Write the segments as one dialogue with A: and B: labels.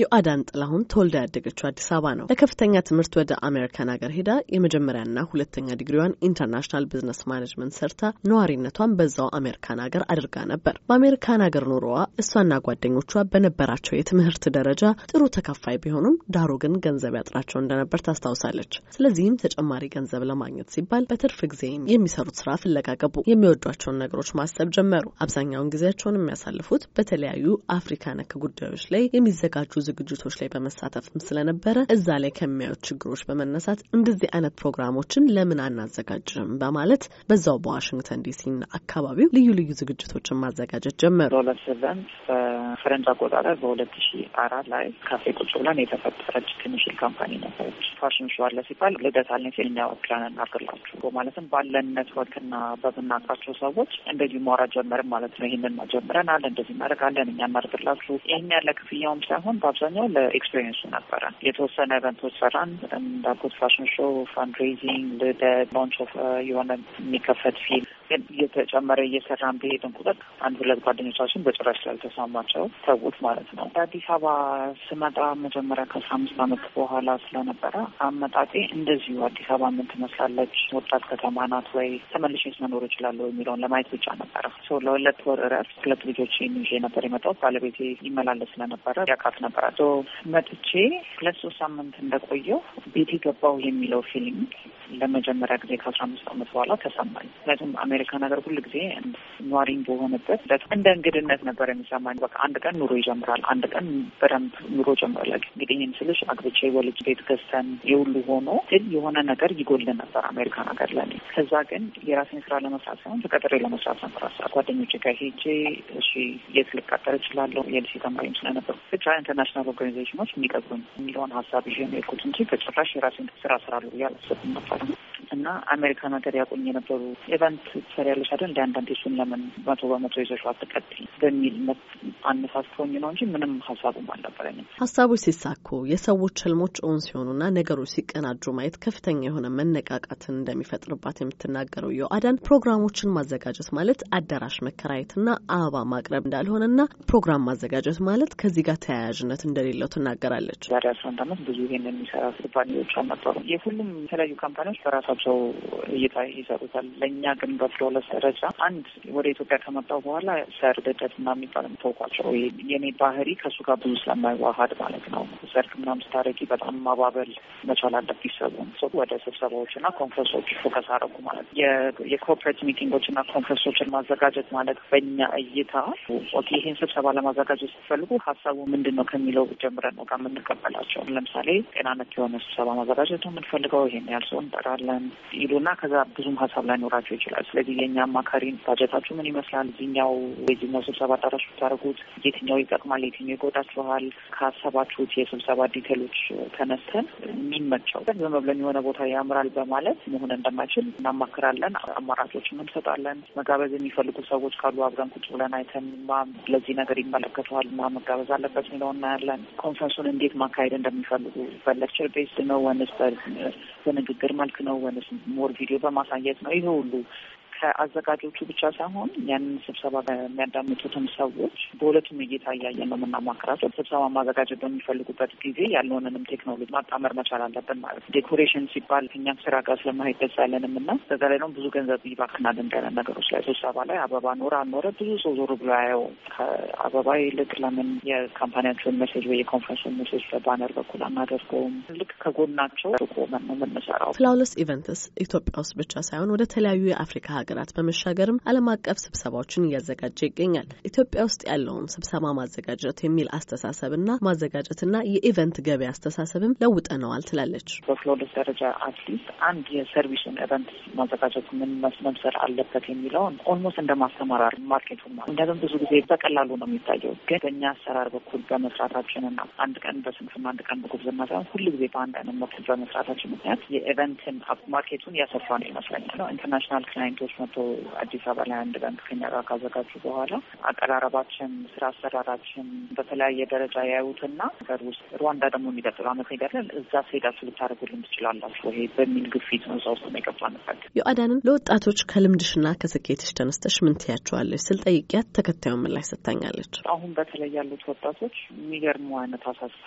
A: የአዳን ጥላሁን ተወልዳ ያደገችው አዲስ አበባ ነው። ለከፍተኛ ትምህርት ወደ አሜሪካን ሀገር ሄዳ የመጀመሪያና ሁለተኛ ዲግሪዋን ኢንተርናሽናል ቢዝነስ ማኔጅመንት ሰርታ ነዋሪነቷን በዛው አሜሪካን ሀገር አድርጋ ነበር። በአሜሪካን ሀገር ኑሮዋ እሷና ጓደኞቿ በነበራቸው የትምህርት ደረጃ ጥሩ ተከፋይ ቢሆኑም ዳሩ ግን ገንዘብ ያጥራቸው እንደነበር ታስታውሳለች። ስለዚህም ተጨማሪ ገንዘብ ለማግኘት ሲባል በትርፍ ጊዜ የሚሰሩት ስራ ፍለጋ ገቡ። የሚወዷቸውን ነገሮች ማሰብ ጀመሩ። አብዛኛውን ጊዜያቸውን የሚያሳልፉት በተለያዩ አፍሪካ ነክ ጉዳዮች ላይ የሚዘጋጁ ዝግጅቶች ላይ በመሳተፍም ስለነበረ እዛ ላይ ከሚያዩት ችግሮች በመነሳት እንደዚህ አይነት ፕሮግራሞችን ለምን አናዘጋጅም በማለት በዛው በዋሽንግተን ዲሲና አካባቢው ልዩ ልዩ ዝግጅቶችን ማዘጋጀት ጀመሩ።
B: ፈረንጅ አቆጣጠር በሁለት ሺ አራት ላይ ካፌ ቁጭ ብለን የተፈጠረች ትንሽል ካምፓኒ ነበረች። ፋሽን ሾው አለ ሲባል ልደት አለን ሲል እኛ ወክለን ማለትም ባለን ኔትወርክና በምናውቃቸው ሰዎች እንደዚህ ማውራት ጀመርን ማለት ነው። ይህንን ጀምረን አለ እንደዚህ እናደርጋለን እኛ እናርግላችሁ። ይህን ያለ ክፍያውም ሳይሆን በአብዛኛው ለኤክስፔሪንሱ ነበረ። የተወሰነ ኢቨንቶች ሰራን እንዳልኩት ፋሽን ሾው፣ ፋንድሬዚንግ፣ ልደት፣ ላውንች ኦፍ uh, የሆነ የሚከፈት ፊልም ግን እየተጨመረ እየሰራን በሄድን ቁጥር አንድ ሁለት ጓደኞቻችን በጭራሽ ስላልተስማማቸው ተዉት ማለት ነው። አዲስ አበባ ስመጣ መጀመሪያ ከአስራ አምስት አመት በኋላ ስለነበረ አመጣጤ እንደዚሁ አዲስ አበባ ምን ትመስላለች፣ ወጣት ከተማ ናት ወይ፣ ተመልሼስ መኖር እችላለሁ የሚለውን ለማየት ብቻ ነበረ። ለሁለት ወር እረፍት ሁለት ልጆች ይዤ ነበር የመጣሁት። ባለቤቴ ይመላለስ ስለነበረ ያካት ነበረ። መጥቼ ሁለት ሶስት ሳምንት እንደቆየው ቤቴ ገባው የሚለው ፊልም ለመጀመሪያ ጊዜ ከአስራ አምስት አመት በኋላ ተሰማኝ። ምክንያቱም የአሜሪካን ሀገር ሁሉ ጊዜ ኗሪም በሆነበት እንደ እንግድነት ነበር የሚሰማኝ። በቃ አንድ ቀን ኑሮ ይጀምራል፣ አንድ ቀን በደንብ ኑሮ ጀምራል። እንግዲህ ይህን ስልሽ አግብቼ ወልጅ ቤት ገዝተን የሁሉ ሆኖ ግን የሆነ ነገር ይጎል ነበር አሜሪካን ሀገር ላይ። ከዛ ግን የራሴን ስራ ለመስራት ሳይሆን ተቀጥሬ ለመስራት ነበር ሳ ጓደኞች ጋር ሄጄ እሺ የት ልቀጠር እችላለሁ? የደሴ ተማሪም ስለነበርኩ ብቻ ኢንተርናሽናል ኦርጋኒዜሽኖች የሚቀብሩኝ የሚለውን ሀሳብ ይዤ ነው የሄድኩት እንጂ በጭራሽ የራሴን ስራ ስራለሁ ብዬ አላሰብኩም ነበር። እና አሜሪካን ሀገር ያቆኝ የነበሩ ኤቨንት ትሰሪያለሽ አይደል እንደ አንዳንድ የሱን ለምን መቶ በመቶ ይዘሹ አትቀጥ በሚል አነሳስቶኝ ነው እንጂ ምንም ሀሳቡም አልነበረኝም።
A: ሀሳቦች ሲሳኩ የሰዎች ህልሞች እውን ሲሆኑና ነገሮች ሲቀናጁ ማየት ከፍተኛ የሆነ መነቃቃትን እንደሚፈጥርባት የምትናገረው የአዳን ፕሮግራሞችን ማዘጋጀት ማለት አዳራሽ መከራየትና አበባ ማቅረብ እንዳልሆነና ፕሮግራም ማዘጋጀት ማለት ከዚህ ጋር ተያያዥነት እንደሌለው ትናገራለች። ዛሬ አስራ አንድ አመት ብዙ ይሄን የሚሰራ ኩባንያዎች አልነበሩ። የሁሉም የተለያዩ ካምፓኒዎች
B: በራሳ ሰው እይታ ይሰሩታል። ለእኛ ግን በፍሎለስ ደረጃ አንድ ወደ ኢትዮጵያ ከመጣው በኋላ ሰር ልደት ምናምን የሚባል የምታውቋቸው የኔ ባህሪ ከእሱ ጋር ብዙ ስለማይዋሀድ ማለት ነው። ሰርግ ምናምን ስታደርጊ በጣም ማባበል መቻል አለብሽ ሰውን ሰው ወደ ስብሰባዎች እና ኮንፈረንሶች ፎከስ አረጉ ማለት ነው። የኮርፖሬት ሚቲንጎች እና ኮንፈረንሶችን ማዘጋጀት ማለት በእኛ እይታ ኦኬ ይህን ስብሰባ ለማዘጋጀት ስትፈልጉ ሀሳቡ ምንድን ነው ከሚለው ጀምረን ነው ጋር የምንቀበላቸው። ለምሳሌ ጤናነት የሆነ ስብሰባ ማዘጋጀት ነው የምንፈልገው። ይሄን ያህል ሰው እንጠራለን ይሉና ከዛ ብዙም ሀሳብ ላይኖራቸው ይችላል። ስለዚህ የእኛ አማካሪን ባጀታችሁ ምን ይመስላል፣ እዚኛው ወይዚኛው ስብሰባ አዳራሽ ብታደርጉት የትኛው ይጠቅማል፣ የትኛው ይጎዳችኋል፣ ከሀሳባችሁት የስብሰባ ዲቴሎች ተነስተን የሚመቸው ዝም ብለን የሆነ ቦታ ያምራል በማለት መሆን እንደማይችል እናማክራለን። አማራጮችም እንሰጣለን። መጋበዝ የሚፈልጉ ሰዎች ካሉ አብረን ቁጭ ብለን አይተን ማ ለዚህ ነገር ይመለከተዋል ማ መጋበዝ አለበት የሚለው እናያለን። ኮንፈረንሱን እንዴት ማካሄድ እንደሚፈልጉ በሌክቸር ቤዝድ ነው ወንስ በንግግር መልክ ነው ወን ሞር ቪዲዮ በማሳየት ነው ይሄ ሁሉ ከአዘጋጆቹ ብቻ ሳይሆን ያንን ስብሰባ በሚያዳምጡትም ሰዎች በሁለቱም እይታ እያየ ነው የምናማክራቸው። ስብሰባ ማዘጋጀት በሚፈልጉበት ጊዜ ያለውንንም ቴክኖሎጂ ማጣመር መቻል አለብን ማለት ነው። ዴኮሬሽን ሲባል እኛም ስራ ጋር ስለማሄድ ደስ አይለንም እና በዛ ላይ ደግሞ ብዙ ገንዘብ ይባክናል። እንደነ ነገሮች ላይ ስብሰባ ላይ አበባ ኖረ አኖረ ብዙ ሰው ዞሩ ብሎ ያየው ከአበባ ይልቅ ለምን የካምፓኒያቸውን መሴጅ ወይ የኮንፈረንሱን
A: መሴጅ በባነር በኩል አናደርገውም? ልክ ከጎናቸው ቆመን ነው የምንሰራው። ፍላውለስ ኢቨንትስ ኢትዮጵያ ውስጥ ብቻ ሳይሆን ወደ ተለያዩ የአፍሪካ ሀገር ሀገራት በመሻገርም ዓለም አቀፍ ስብሰባዎችን እያዘጋጀ ይገኛል። ኢትዮጵያ ውስጥ ያለውን ስብሰባ ማዘጋጀት የሚል አስተሳሰብና ማዘጋጀትና የኢቨንት ገቢ አስተሳሰብም ለውጠነዋል ትላለች። በፍሎደስ ደረጃ አትሊስት አንድ የሰርቪሱን ኢቨንት ማዘጋጀት ምን መምሰል አለበት የሚለውን ኦልሞስት እንደ ማስተማራር
B: ማርኬቱ ማለት ብዙ ጊዜ በቀላሉ ነው የሚታየው። ግን በእኛ አሰራር በኩል በመስራታችንና አንድ ቀን በስንፍና አንድ ቀን በጉብዝና ሳይሆን ሁሉ ጊዜ በአንድ አይነት መኩል በመስራታችን ምክንያት የኢቨንትን ማርኬቱን ያሰፋ ነው ይመስለኛል። ኢንተርናሽናል ክላይንቶች መቶ አዲስ አበባ ላይ አንድ ባንክ ከኛ ጋር ካዘጋጁ በኋላ አቀራረባችን፣ ስራ አሰራራችን በተለያየ ደረጃ ያዩትና ሀገር ውስጥ ሩዋንዳ ደግሞ የሚቀጥለው አመት ሄዳለን እዛ ስሄዳችሁ ልታደርጉልን ትችላላችሁ ወይ በሚል ግፊት ነው እዛ ውስጥ ነው ነበር።
A: ዮአዳንን ለወጣቶች ከልምድሽና ከስኬትሽ ተነስተሽ ምን ትያቸዋለች ስል ጠይቂያት ተከታዩን ምላሽ ሰጥታኛለች።
B: አሁን በተለይ ያሉት ወጣቶች የሚገርሙ አይነት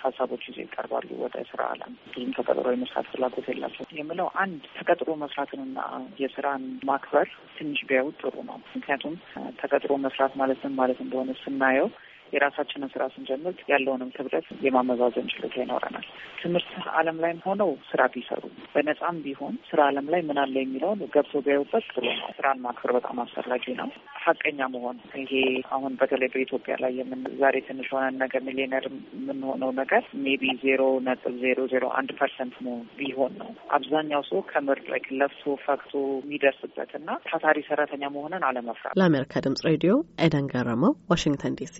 B: ሀሳቦች ይዘው ይቀርባሉ ወደ ስራ አለም ብዙም ተቀጥሮ የመስራት ፍላጎት የላቸው የምለው አንድ ተቀጥሮ መስራትንና የስራን ማክበር ትንሽ ቢያዩት ጥሩ ነው። ምክንያቱም ተፈጥሮ መስራት ማለት ምን ማለት እንደሆነ ስናየው የራሳችንን ስራ ስንጀምር ያለውንም ክብደት የማመዛዘን ችሎታ ይኖረናል። ትምህርት አለም ላይም ሆነው ስራ ቢሰሩ በነጻም ቢሆን ስራ አለም ላይ ምን አለ የሚለውን ገብቶ ቢያዩበት ጥሩ ነው። ስራን ማክበር በጣም አስፈላጊ ነው። ሀቀኛ መሆን ይሄ አሁን በተለይ በኢትዮጵያ ላይ የምን ዛሬ ትንሽ ሆነን ነገ ሚሊዮነር የምንሆነው ነገር ሜቢ ዜሮ ነጥብ ዜሮ ዜሮ አንድ ፐርሰንት ቢሆን ነው አብዛኛው ሰው ከምር ላይ ለፍቶ ፈክቶ የሚደርስበት እና ታታሪ ሰራተኛ መሆንን አለመፍራት።
A: ለአሜሪካ ድምጽ ሬዲዮ ኤደን ገረመው፣ ዋሽንግተን ዲሲ።